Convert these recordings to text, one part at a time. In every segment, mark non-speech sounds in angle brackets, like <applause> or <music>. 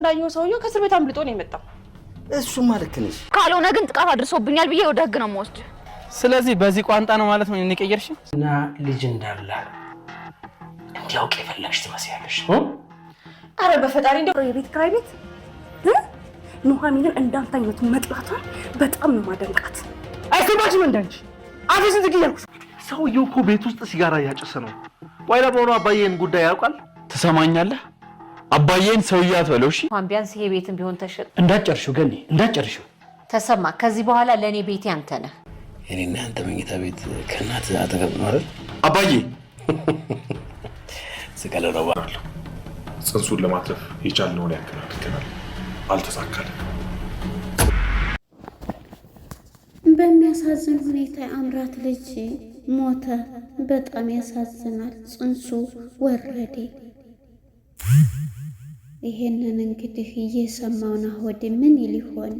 እንዳየው ሰውዬው ከእስር ቤት አምልጦ ነው የመጣው። እሱማ ልክ ነሽ። ካልሆነ ግን ጥቃት አድርሶብኛል ብዬ ወደ ህግ ነው የምወስድ። ስለዚህ በዚህ ቋንጣ ነው ማለት ነው የቀየርሽ እና ልጅ እንዳላ እንዲያውቅ የፈለግሽ ትመስያለሽ። አረ በፈጣሪ እንዲያው የቤት ክራይ ቤት ኑሐሚንን እንዳንተ አይነቱ መጥላቷን በጣም ነው ማደንቃት። አይሰማሽም? እንዳንቺ አፌ ስንት ጊዜ ያልኩሽ። ሰውዬው እኮ ቤት ውስጥ ሲጋራ እያጨሰ ነው። ዋይላ በሆነ አባዬን ጉዳይ ያውቃል። ትሰማኛለህ አባዬን ሰውዬ አትበለው። እሺ እንኳን ቢያንስ ይሄ ቤትም ቢሆን ተሸጥ እንዳትጨርሺው፣ ገኒ እንዳትጨርሺው። ተሰማ፣ ከዚህ በኋላ ለእኔ ቤቴ አንተ ነህ። እኔና አንተ መኝታ ቤት ከእናት አጠገብ ነው አይደል? አባዬ <laughs> ስቀለረው ባለሁ ጽንሱን ለማትረፍ የቻልነውን ያክል አድርገናል። አልተሳካለም። በሚያሳዝን ሁኔታ የአምራት ልጅ ሞተ። በጣም ያሳዝናል። ጽንሱ ወረዴ ይሄንን እንግዲህ እየሰማው ናሆድ ምን ሊሆን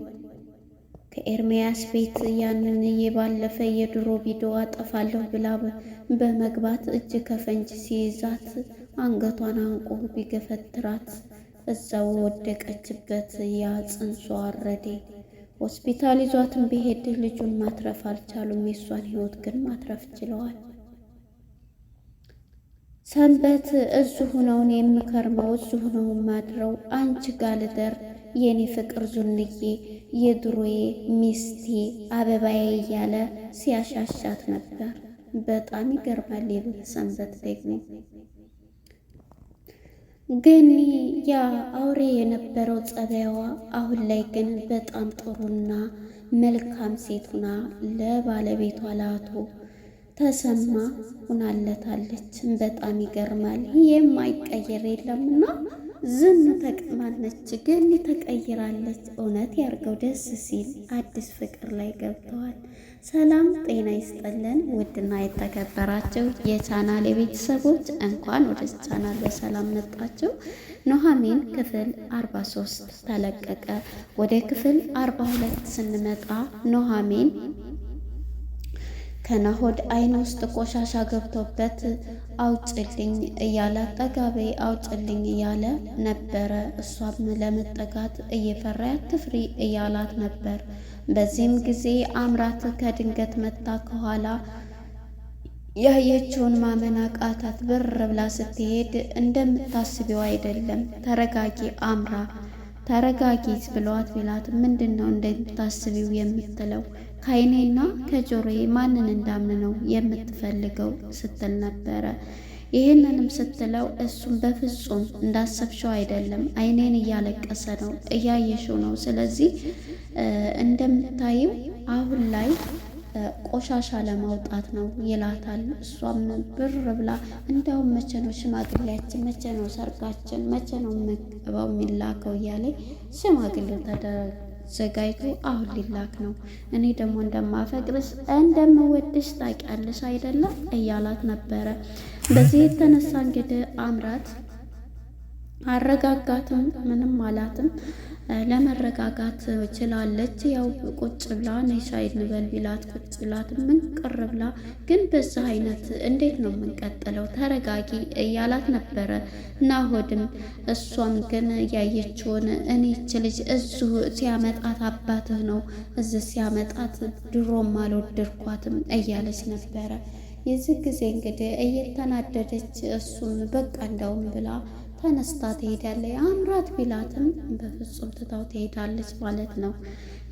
ከኤርሚያስ ቤት ያንን የባለፈ የድሮ ቪዲዮ አጠፋለሁ ብላ በመግባት እጅ ከፈንጅ ሲይዛት አንገቷን አንቆ ቢገፈትራት እዛው ወደቀችበት። ያ ጽንሶ አረዴ ሆስፒታል ይዟትን ቢሄድ ልጁን ማትረፍ አልቻሉም። የእሷን ህይወት ግን ማትረፍ ችለዋል። ሰንበት እዚሁ ነው የምከርመው፣ እዚሁ ነው ማድረው፣ አንቺ ጋር ልደር የኔ ፍቅር ዙንዬ፣ የድሮዬ ሚስቴ፣ አበባዬ እያለ ሲያሻሻት ነበር። በጣም ይገርማል የቤት ሰንበት ደግሞ ግን ያ አውሬ የነበረው ጸባይዋ አሁን ላይ ግን በጣም ጥሩና መልካም ሴት ሆና ለባለቤቷ ለአቶ ተሰማ ሆናለታለች። በጣም ይገርማል። የማይቀየር የለምና ዝን ተቀማለች፣ ግን ተቀይራለች። እውነት ያርገው ደስ ሲል አዲስ ፍቅር ላይ ገብተዋል። ሰላም ጤና ይስጥልን። ውድና የተከበራቸው የቻናል የቤተሰቦች እንኳን ወደ ቻናል በሰላም መጣቸው። ኑሐሚን ክፍል 43 ተለቀቀ። ወደ ክፍል 42 ስንመጣ ኑሐሚን ከናሆድ አይን ውስጥ ቆሻሻ ገብቶበት አውጭልኝ እያለ አጠጋቤ አውጭልኝ እያለ ነበረ። እሷም ለመጠጋት እየፈራ አትፍሪ እያላት ነበር። በዚህም ጊዜ አምራት ከድንገት መታ ከኋላ ያየችውን ማመን አቃታት። ብር ብላ ስትሄድ እንደምታስቢው አይደለም፣ ተረጋጊ አምራ ተረጋጊት ብለዋት ቢላት ምንድን ነው እንደምታስቢው የምትለው ከአይኔና ከጆሮዬ ማንን እንዳምን ነው የምትፈልገው ስትል ነበረ። ይህንንም ስትለው እሱም በፍጹም እንዳሰብሸው አይደለም፣ አይኔን እያለቀሰ ነው፣ እያየሽው ነው። ስለዚህ እንደምታይም አሁን ላይ ቆሻሻ ለማውጣት ነው ይላታል። እሷም ብር ብላ እንደውም መቼ ነው ሽማግሌያችን፣ መቼ ነው ሰርጋችን፣ መቼ ነው መገባው የሚላከው እያለኝ ሽማግሌ ተደረገ ዘጋጅቶ አሁን ሊላክ ነው። እኔ ደግሞ እንደማፈቅርስ እንደምወድሽ ታውቂያለሽ አይደለም እያላት ነበረ። በዚህ የተነሳ እንግዲህ አምራት አረጋጋትም ምንም አላትም። ለመረጋጋት ችላለች። ያው ቁጭ ብላ ነይ ሻይ እንበል ቢላት ቁጭ ብላት ምን ቅር ብላ ግን በዛ አይነት እንዴት ነው የምንቀጥለው? ተረጋጊ እያላት ነበረ ናሆድም። እሷም ግን ያየችውን እኔ ይች ልጅ እዚሁ ሲያመጣት አባትህ ነው እዚህ ሲያመጣት ድሮም አልወደድኳትም እያለች ነበረ። የዚህ ጊዜ እንግዲህ እየተናደደች እሱም በቃ እንደውም ብላ ተነስታ ትሄዳለች። አምራት ቢላትም በፍጹም ትታው ትሄዳለች ማለት ነው።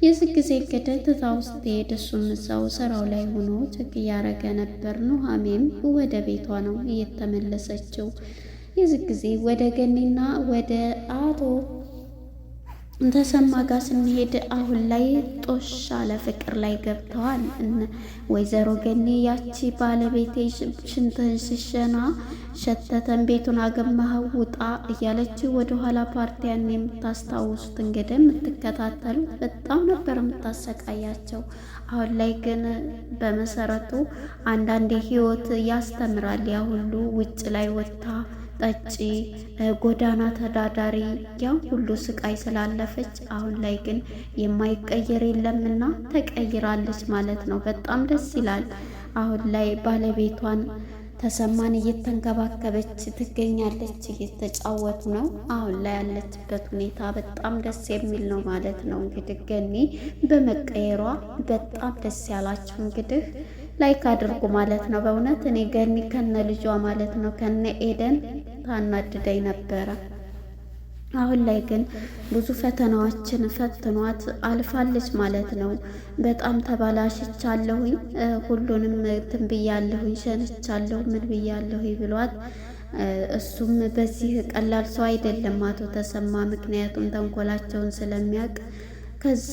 የዚህ ጊዜ ትታ ውስጥ ስትሄድ እሱም እዛው ስራው ላይ ሆኖ ችግር እያረገ ነበር። ኑሐሚም ወደ ቤቷ ነው እየተመለሰችው። የዚህ ጊዜ ወደ ገኒና ወደ አቶ ተሰማ ጋር ስንሄድ አሁን ላይ ጦሻ ለፍቅር ፍቅር ላይ ገብተዋል። ወይዘሮ ገኔ ያቺ ባለቤቴ ሽንትህን ሽሸና ሸተተን ቤቱን አገማህ ውጣ እያለች ወደኋላ ፓርቲያን የምታስታውሱት እንግዲህ የምትከታተሉት በጣም ነበር የምታሰቃያቸው። አሁን ላይ ግን በመሰረቱ አንዳንዴ ህይወት ያስተምራል። ያ ሁሉ ውጭ ላይ ወጥታ ጠጪ፣ ጎዳና ተዳዳሪ ያው ሁሉ ስቃይ ስላለፈች አሁን ላይ ግን የማይቀየር የለምና ተቀይራለች ማለት ነው። በጣም ደስ ይላል። አሁን ላይ ባለቤቷን ተሰማን እየተንከባከበች ትገኛለች። እየተጫወቱ ነው። አሁን ላይ ያለችበት ሁኔታ በጣም ደስ የሚል ነው ማለት ነው። እንግዲህ ገኒ በመቀየሯ በጣም ደስ ያላቸው እንግዲህ ላይክ አድርጉ ማለት ነው። በእውነት እኔ ገኒ ከነ ልጇ ማለት ነው ከነ ኤደን ታናድደኝ ነበረ። አሁን ላይ ግን ብዙ ፈተናዎችን ፈትኗት አልፋለች ማለት ነው። በጣም ተበላሽቻለሁኝ፣ ሁሉንም እንትን ብያለሁኝ፣ ሸንቻለሁ፣ ምን ብያለሁኝ ብሏት እሱም በዚህ ቀላል ሰው አይደለም አቶ ተሰማ። ምክንያቱም ተንኮላቸውን ስለሚያውቅ ከዛ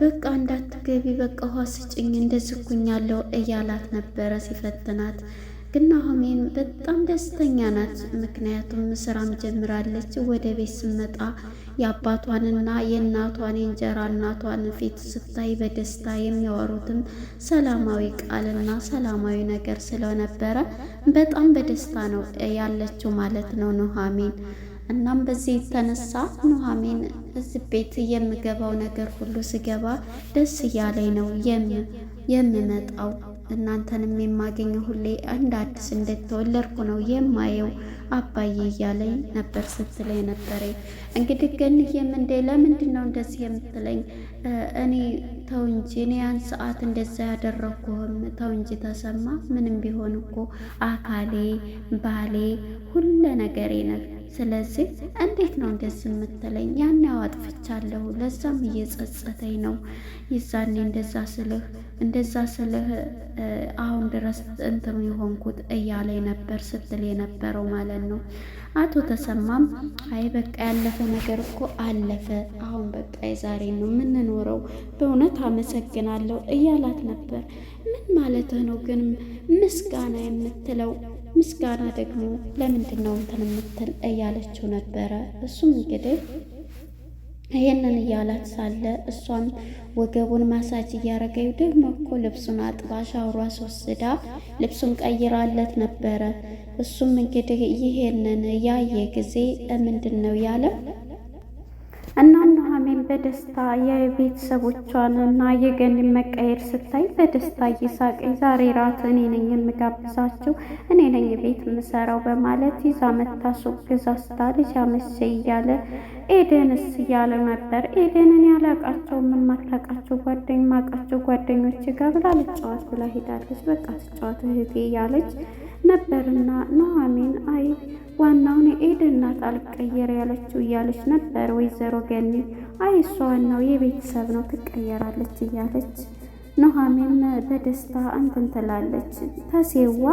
በቃ እንዳትገቢ በቃ ውሃ ስጭኝ እንደዝኩኛለሁ እያላት ነበረ ሲፈትናት። ግን ኑሃሚን በጣም ደስተኛ ናት። ምክንያቱም ስራም ጀምራለች። ወደ ቤት ስመጣ የአባቷንና የእናቷን የእንጀራ እናቷን ፊት ስታይ በደስታ የሚያወሩትም ሰላማዊ ቃልና ሰላማዊ ነገር ስለነበረ በጣም በደስታ ነው ያለችው ማለት ነው ኑሃሚን እናም በዚህ የተነሳ ኑሐሚን እዚህ ቤት የምገባው ነገር ሁሉ ስገባ ደስ እያለኝ ነው የምመጣው። እናንተንም የማገኘው ሁሌ እንደ አዲስ እንደተወለድኩ ነው የማየው አባዬ እያለኝ ነበር ስትለኝ ነበረኝ እንግዲህ ግን የምንዴ ለምንድን ነው እንደዚህ የምትለኝ? እኔ ተው እንጂ እኔ ያን ሰዓት እንደዛ ያደረግኩህም ተው እንጂ ተሰማ፣ ምንም ቢሆን እኮ አካሌ ባሌ ሁለ ነገሬ ነበር ስለዚህ እንዴት ነው እንደዚህ የምትለኝ? ያን ያው አጥፍቻለሁ፣ ለዛም እየጸጸተኝ ነው። ይዛኔ እንደዛ ስልህ እንደዛ ስልህ አሁን ድረስ እንትኑ የሆንኩት እያለ ነበር ስትል የነበረው ማለት ነው። አቶ ተሰማም አይ በቃ ያለፈ ነገር እኮ አለፈ፣ አሁን በቃ የዛሬ ነው የምንኖረው፣ በእውነት አመሰግናለሁ እያላት ነበር። ምን ማለትህ ነው ግን ምስጋና የምትለው ምስጋና ደግሞ ለምንድን ነው እንትን የምትል እያለችው ነበረ። እሱም እንግዲህ ይህንን እያላት ሳለ እሷም ወገቡን ማሳጅ እያደረገው ደግሞ እኮ ልብሱን አጥባ ሻውሯ ስወስዳ ልብሱን ቀይራለት ነበረ። እሱም እንግዲህ ይሄንን ያየ ጊዜ ምንድን ነው ያለ እና ኑሃሚን በደስታ የቤተሰቦቿን እና የገን መቀየር ስታይ በደስታ እየሳቀ ዛሬ ራት እኔ ነኝ የምጋብዛችሁ እኔ ነኝ ቤት የምሰራው በማለት ይዛ መታሱ ሱቅ ግዛ ስታ ልጅ አመሸ እያለ ኤደንስ እያለ ነበር። ኤደንን ያላቃቸው የማታቃቸው ጓደኝ ማቃቸው ጓደኞች ጋር ብላ ልጫዋት ብላ ሄዳለች። በቃ ትጫዋት እህቴ እያለች ነበርና ኑሃሚን አይ ዋናውን የኤድ እናት አልቀየር ያለችው እያለች ነበር ወይዘሮ ገኒ። አይ እሷ ዋናው የቤተሰብ ነው ትቀየራለች እያለች ኑሐሚን በደስታ እንትን ትላለች። ተሴዋ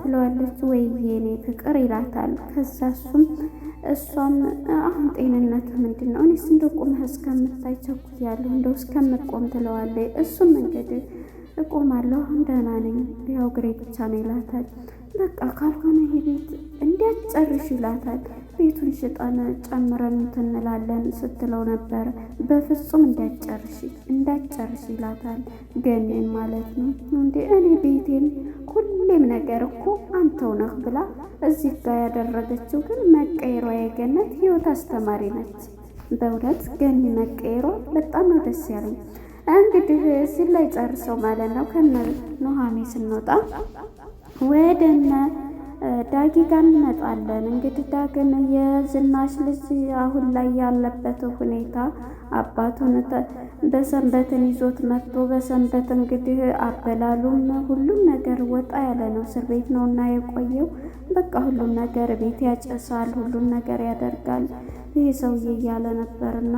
ትለዋለች። ወይ የኔ ፍቅር ይላታል። ከዛ እሱም እሷም አሁን ጤንነት ምንድን ነው? እኔስ እንደ ቁመህ እስከምታይ ያለሁ እንደው እስከምቆም ትለዋለች። እሱም እንግዲህ እቆማለሁ አሁን ደህና ነኝ፣ ያው ግሬ ብቻ ነው ይላታል። በቃ ካልሆነ ይሄ ቤት እንዴት ጨርሽ ይላታል። ቤቱን ሽጠን ጨምረን ትንላለን ስትለው ነበር። በፍጹም እንዳጨርሽ እንዳጨርሽ ይላታል። ገኔ ማለት ነው እንዴ እኔ ቤቴን ሁሌም ነገር እኮ አንተው ነህ ብላ እዚህ ጋር ያደረገችው ግን መቀየሯ የገነት ህይወት አስተማሪ ነች። በእውነት ገኒ መቀየሯ በጣም ነው ደስ ያለኝ። እንግዲህ እዚህ ላይ ጨርሰው ማለት ነው ከነ ኑሐሚ ስንወጣ ወደነ ዳጊ ጋር እንመጣለን። እንግዲህ ዳግም የዝናሽ ልጅ አሁን ላይ ያለበት ሁኔታ አባቱን በሰንበትን ይዞት መጥቶ በሰንበት እንግዲህ አበላሉም ሁሉም ነገር ወጣ ያለ ነው። እስር ቤት ነው እና የቆየው። በቃ ሁሉም ነገር ቤት ያጨሳል፣ ሁሉም ነገር ያደርጋል ይህ ሰውዬ እያለ ነበር እና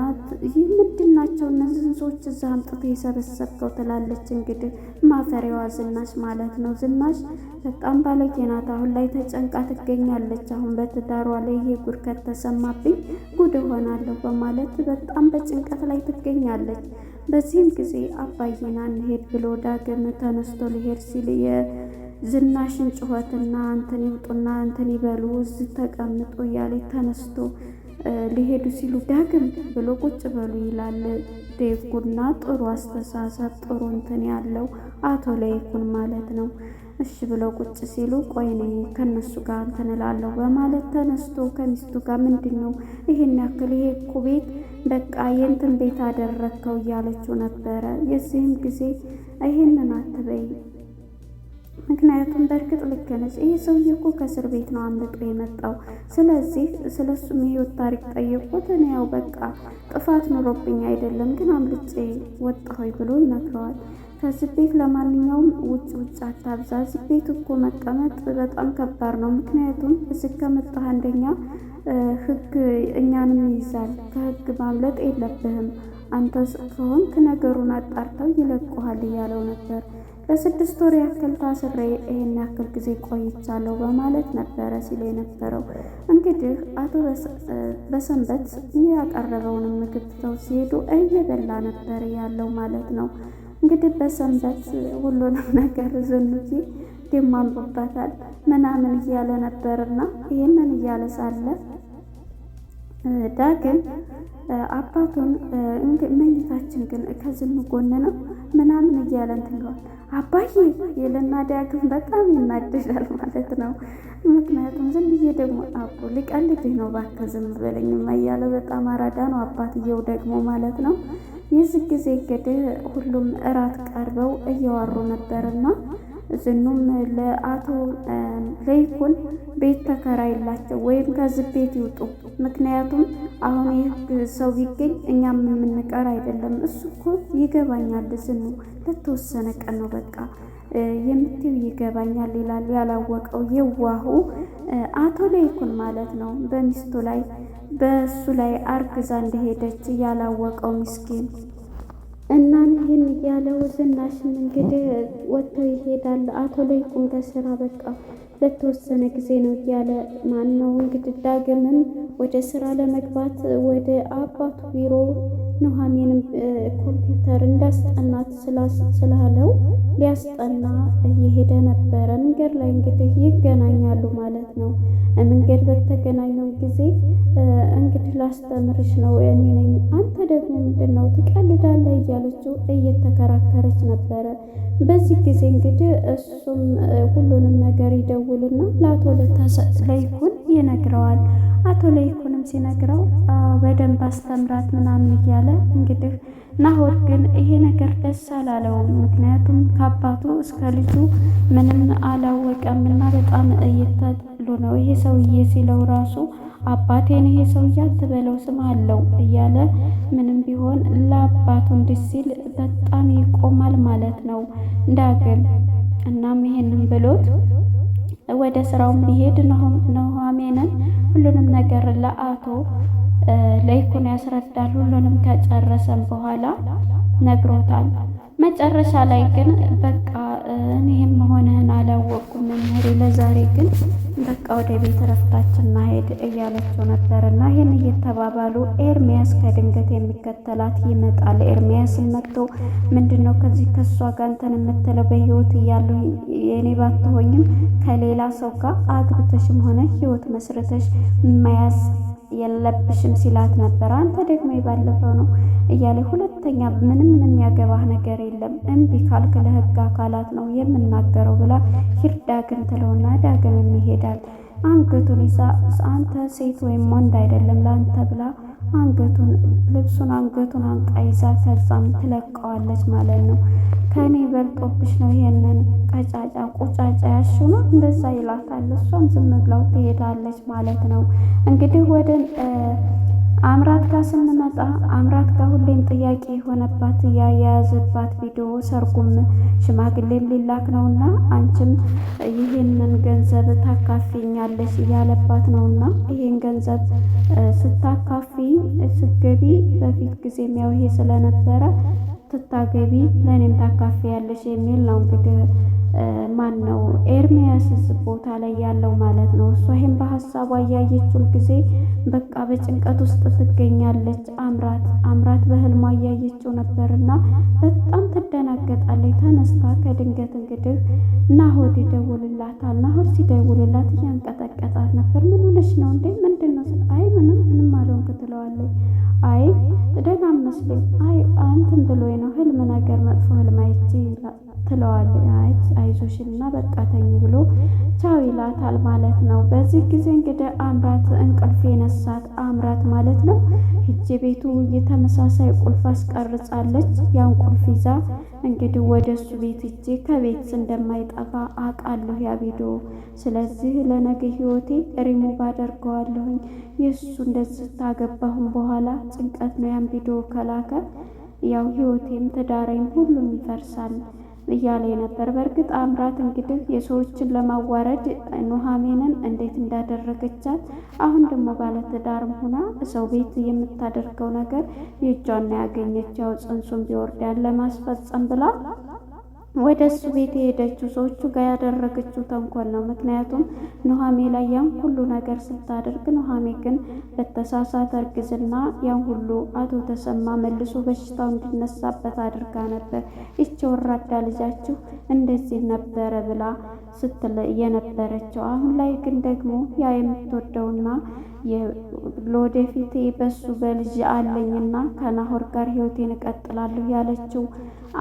ይህ ምንድን ናቸው እነዚህን ሰዎች እዛ አምጥቶ የሰበሰብከው? ትላለች እንግዲህ ማፈሪያዋ ዝናሽ ማለት ነው። ዝናሽ በጣም ባለጌ ናት። አሁን ላይ ተጨንቃ ትገኛለች። አሁን በትዳሯ ላይ ይሄ ጉድ ከተሰማብኝ ጉድ እሆናለሁ በማለት በጣም በጭንቀት ላይ ትገኛለች። በዚህም ጊዜ አባዬና እንሄድ ብሎ ዳግም ተነስቶ ሊሄድ ሲል የዝናሽን ጩኸትና እንትን ይውጡና እንትን ይበሉ እዚህ ተቀምጦ እያለ ተነስቶ ሊሄዱ ሲሉ ዳግም ብሎ ቁጭ በሉ ይላል። ዴኩና ጥሩ አስተሳሰብ ጥሩ እንትን ያለው አቶ ለይኩን ማለት ነው። እሺ ብለው ቁጭ ሲሉ ቆይ እኔ ከነሱ ጋር እንትን እላለሁ በማለት ተነስቶ ከሚስቱ ጋር ምንድን ነው ይህን ያክል ይሄ እኮ ቤት በቃ የእንትን ቤት አደረግከው እያለችው ነበረ። የዚህም ጊዜ ይህንን አትበይ፣ ምክንያቱም በእርግጥ ልክ ነች። ይህ ሰውዬ እኮ ከእስር ቤት ነው አምልጦ የመጣው። ስለዚህ ስለ እሱም የህይወት ታሪክ ጠየቁት። እኔ ያው በቃ ጥፋት ኑሮብኝ አይደለም ግን አምልጬ ወጣሁኝ ብሎ ይነግረዋል። ከስቤት ለማንኛውም ውጭ ውጭ አታብዛ። ስቤት እኮ መቀመጥ በጣም ከባድ ነው። ምክንያቱም እዚህ ከመጣህ አንደኛ ህግ እኛንም ይይዛል። ከህግ ማምለጥ የለብህም አንተ ከሆንክ ነገሩን አጣርተው ይለቁሃል እያለው ነበር። ለስድስት ወር ያክል ታስሬ ይህን ያክል ጊዜ ቆይቻለሁ በማለት ነበረ ሲል የነበረው። እንግዲህ አቶ በሰንበት ያቀረበውንም ምግብ ትተው ሲሄዱ እየበላ ነበር ያለው ማለት ነው። እንግዲህ በሰንበት ሁሉንም <laughs> ነገር ዝኑዬ ደማምሮበታል ምናምን እያለ ነበርና ይህንን እያለ ሳለ ዳግም አባቱን መኝታችን ግን ከዝኑ ጎን ነው ምናምን እያለ እንትንለዋል አባዬ የለና ዳግም በጣም ይናደዳል ማለት ነው። ምክንያቱም ዝም ብዬ ደግሞ አቦ ልቀልድህ ነው እባክህ ዝም በለኝማ እያለ በጣም አራዳ ነው አባትየው ደግሞ ማለት ነው። የዚህ ጊዜ እንግዲህ ሁሉም እራት ቀርበው እያወሩ ነበርና ዝኑም ለአቶ ለይኩን ቤት ተከራይላቸው ወይም ከዚህ ቤት ይውጡ። ምክንያቱም አሁን ይህ ሰው ቢገኝ እኛም የምንቀር አይደለም። እሱ እኮ ይገባኛል፣ ዝኑ ለተወሰነ ቀን ነው በቃ የምትይው ይገባኛል ይላል ያላወቀው የዋሁ አቶ ለይኩን ማለት ነው በሚስቱ ላይ በእሱ ላይ አርግዛ እንደሄደች ያላወቀው ምስኪን እናን ይህን እያለው ዝናሽን እንግዲህ ወጥቶ ይሄዳል። አቶ ለይኩን ከስራ በቃ ለተወሰነ ጊዜ ነው እያለ ማን ነው እንግዲህ ዳግምን ወደ ስራ ለመግባት ወደ አባቱ ቢሮ ኑሐሚንም ኮምፒውተር እንዳስጠናት ስላለው ሊያስጠና እየሄደ ነበረ። መንገድ ላይ እንግዲህ ይገናኛሉ ማለት ነው። መንገድ በተገናኘው ጊዜ ትምህርት ላስተምርሽ ነው እኔ ነኝ፣ አንተ ደግሞ ምንድን ነው ትቀልዳለህ? እያለችው እየተከራከረች ነበረ። በዚህ ጊዜ እንግዲህ እሱም ሁሉንም ነገር ይደውልና ለአቶ ለይኩን ይነግረዋል። አቶ ለይኩንም ሲነግረው በደንብ አስተምራት ምናምን እያለ እንግዲህ ናሆር ግን ይሄ ነገር ደስ አላለውም። ምክንያቱም ከአባቱ እስከ ልጁ ምንም አላወቀምና በጣም እየተሉ ነው። ይሄ ሰውዬ ሲለው ራሱ አባቴን ይሄ ሰው አንተ በለው ስም አለው እያለ ምንም ቢሆን ለአባቱ እንዲህ ሲል በጣም ይቆማል ማለት ነው ዳግም። እናም ይሄንን ብሎት ወደ ስራው ቢሄድ ኑሃሚንን ሁሉንም ነገር ለአቶ ለይኩን ያስረዳል። ሁሉንም ከጨረሰም በኋላ ነግሮታል። መጨረሻ ላይ ግን በቃ እኔህም መሆንህን አላወቅኩም መምህሬ፣ ለዛሬ ግን በቃ ወደ ቤት ረፍታችን ናሄድ እያለችው ነበር። እና ይህን እየተባባሉ ኤርሚያስ ከድንገት የሚከተላት ይመጣል። ኤርሚያስን መጥቶ ምንድን ነው ከዚህ ከእሷ ጋር እንትን የምትለው በህይወት እያሉ የእኔ ባትሆኝም ከሌላ ሰው ጋር አግብተሽም ሆነ ህይወት መስረተሽ የማያዝ የለብሽም ሲላት ነበር። አንተ ደግሞ የባለፈው ነው እያለ ሁለተኛ ምንም የሚያገባህ ነገር የለም እምቢ ካልክ ለህግ አካላት ነው የምናገረው ብላ ሂድ ዳግም ትለውና ዳግም ይሄዳል። አንገቱን ይዛ አንተ ሴት ወይም ወንድ አይደለም ለአንተ ብላ አንገቱን ልብሱን አንገቱን አንቃ ይዛ ከዛም ትለቀዋለች ማለት ነው። ከእኔ በልጦብሽ ነው ይሄንን ቀጫጫ ቁጫጫ ያሹ ነው እንደዛ ይላታል። እሷም ዝም ብላው ትሄዳለች ማለት ነው እንግዲህ ወደ አምራት ጋር ስንመጣ አምራት ጋር ሁሌም ጥያቄ የሆነባት ያያያዘባት ቪዲዮ ሰርጉም ሽማግሌም ሊላክ ነውና አንቺም ይህንን ገንዘብ ታካፊኛለሽ እያለባት ነውና ይህን ገንዘብ ስታካፊ ስገቢ በፊት ጊዜ የሚያውሄ ስለነበረ ትታገቢ ለእኔም ታካፊ ያለሽ የሚል ነው እንግዲህ ማን ነው ኤርሚያስስ ቦታ ላይ ያለው ማለት ነው። እሷ ይህም በሀሳቧ እያየችው ጊዜ በቃ በጭንቀት ውስጥ ትገኛለች። አምራት አምራት በህልሟ እያየችው ነበርና በጣም ትደናገጣለች። ተነስታ ከድንገት እንግዲህ ናሆድ ይደውልላታል። ናሆድ ሲደውልላት እያንቀጠቀጣት ነበር። ምን ሆነች ነው እንዴ? ምንድን ነው? አይ ምንም ምንም አለ ትለዋለች። አይ ደህና መስሎኝ፣ አይ አንተን ብሎኝ ነው ህልም ነገር መጥፎ ህልም አይቼ ትለዋለች። አይ አይዞሽና በቃ ተኝ ብሎ ቻው ይላታል ማለት ነው። በዚህ ጊዜ እንግዲህ አምራት እንቅልፍ የነሳት አምራት ማለት ነው ሂጄ ቤቱ የተመሳሳይ ቁልፍ አስቀርጻለች። ያን ቁልፍ ይዛ እንግዲህ ወደ እሱ ቤት ሂጄ ከቤት እንደማይጠፋ አውቃለሁ ያ ቪዲዮ። ስለዚህ ለነገ ህይወቴ ሪሙቭ አደርገዋለሁኝ የእሱ እንደዚህ ታገ ከገባሁም በኋላ ጭንቀት ነው ያን ቪዲዮ ከላከ ያው ህይወቴም ትዳሬም ሁሉም ይፈርሳል እያለ ነበር። በእርግጥ አምራት እንግዲህ የሰዎችን ለማዋረድ ኑሐሚንን እንዴት እንዳደረገቻት አሁን ደግሞ ባለትዳርም ሆና ሰው ቤት የምታደርገው ነገር የእጇና ያገኘች ያው ጽንሱን ቢወርድ ያለ ማስፈጸም ብላ ወደ እሱ ቤት የሄደችው ሰዎቹ ጋር ያደረገችው ተንኮል ነው። ምክንያቱም ኖሃሜ ላይ ያን ሁሉ ነገር ስታደርግ፣ ኖሃሜ ግን በተሳሳተ እርግዝና ያን ሁሉ አቶ ተሰማ መልሶ በሽታው እንዲነሳበት አድርጋ ነበር። ይቺ ወራዳ ልጃችሁ እንደዚህ ነበረ ብላ ስትል የነበረችው አሁን ላይ ግን ደግሞ ያ የምትወደውና ለወደፊት በሱ በልጅ አለኝና ከናሆር ጋር ህይወቴን እቀጥላለሁ ያለችው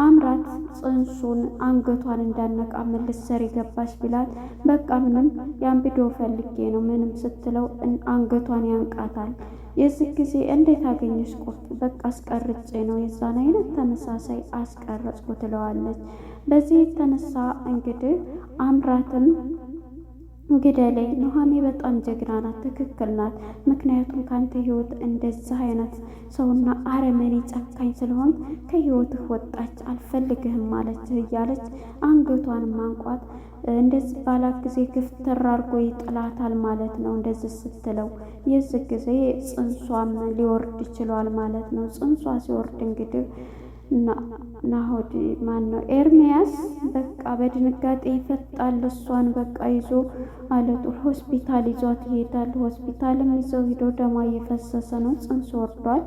አምራት ጽንሱን አንገቷን መልስ ልትሰር የገባች ቢላት በቃ ምንም ያን ፈልጌ ነው ምንም ስትለው አንገቷን ያንቃታል። የዚህ ጊዜ እንዴት አገኘሽ ቁርጥ? በቃ አስቀርጬ ነው የዛን አይነት ተመሳሳይ አስቀረጽኩ ትለዋለች። በዚህ የተነሳ እንግዲህ አምራትን ግደለኝ። ኑሃሜ በጣም ጀግና ናት፣ ትክክል ናት። ምክንያቱም ከአንተ ህይወት እንደዚህ አይነት ሰውና አረመኔ ጨካኝ ስለሆን ከህይወትህ ወጣች፣ አልፈልግህም ማለት እያለች አንገቷን ማንቋት እንደዚህ ባላት ጊዜ ክፍትር አርጎ ይጥላታል ማለት ነው። እንደዚህ ስትለው የዚህ ጊዜ ጽንሷም ሊወርድ ይችሏል ማለት ነው። ጽንሷ ሲወርድ እንግዲህ ናሆድ ማን ነው ኤርሚያስ በቃ በድንጋጤ ይፈጣል። እሷን በቃ ይዞ አለጡር ሆስፒታል ይዟት ይሄዳል። ሆስፒታልም ይዘው ሂዶ ደማ እየፈሰሰ ነው፣ ጽንሱ ወርዷል።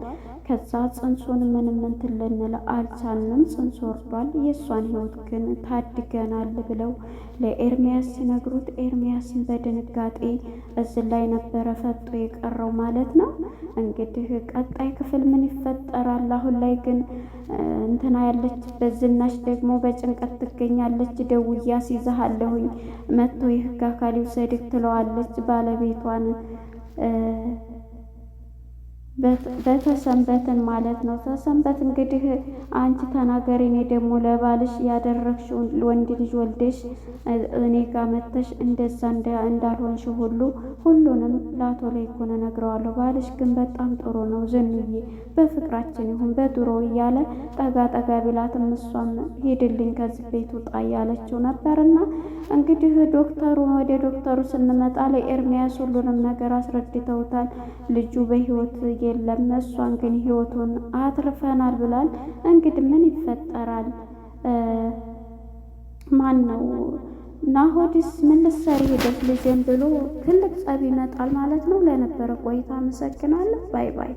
ከዛ ጽንሱን ምንም እንትን ልንል አልቻልንም፣ ጽንሱ ወርዷል። የእሷን ህይወት ግን ታድገናል ብለው ለኤርሚያስ ሲነግሩት ኤርሚያስን በድንጋጤ እዝ ላይ ነበረ ፈጦ የቀረው ማለት ነው። እንግዲህ ቀጣይ ክፍል ምን ይፈጠራል? አሁን ላይ ግን እንትና ያለችበት ዝናሽ ደግሞ በጭንቀት ትገኛለች። ደውያ ሲዛሃለሁኝ መጥቶ የህግ አካል ይውሰድህ ትለዋለች ባለቤቷን በተሰንበትን ማለት ነው። ተሰንበት እንግዲህ አንቺ ተናገሪ፣ እኔ ደግሞ ለባልሽ ያደረግሽውን ወንድ ልጅ ወልደሽ እኔ ጋር መተሽ እንደዛ እንዳልሆንሽ ሁሉ ሁሉንም ለአቶ ላይኩን እነግረዋለሁ። ባልሽ ግን በጣም ጥሩ ነው፣ ዝንዬ በፍቅራችን ይሁን በድሮ እያለ ጠጋ ጠጋ ቢላትም እሷም ሄድልኝ ከዚህ ቤት ውጣ እያለችው ነበርና እንግዲህ ዶክተሩ ወደ ዶክተሩ ስንመጣ ለኤርሚያስ ሁሉንም ነገር አስረድተውታል። ልጁ በህይወት የለም እሷን ግን ህይወቱን አትርፈናል ብላል። እንግዲህ ምን ይፈጠራል? ማን ነው ናሆድስ ምን ልትሰሪ ሄደሽ ልጄን ብሎ ትልቅ ጸብ ይመጣል ማለት ነው። ለነበረ ቆይታ አመሰግናለሁ። ባይ ባይ።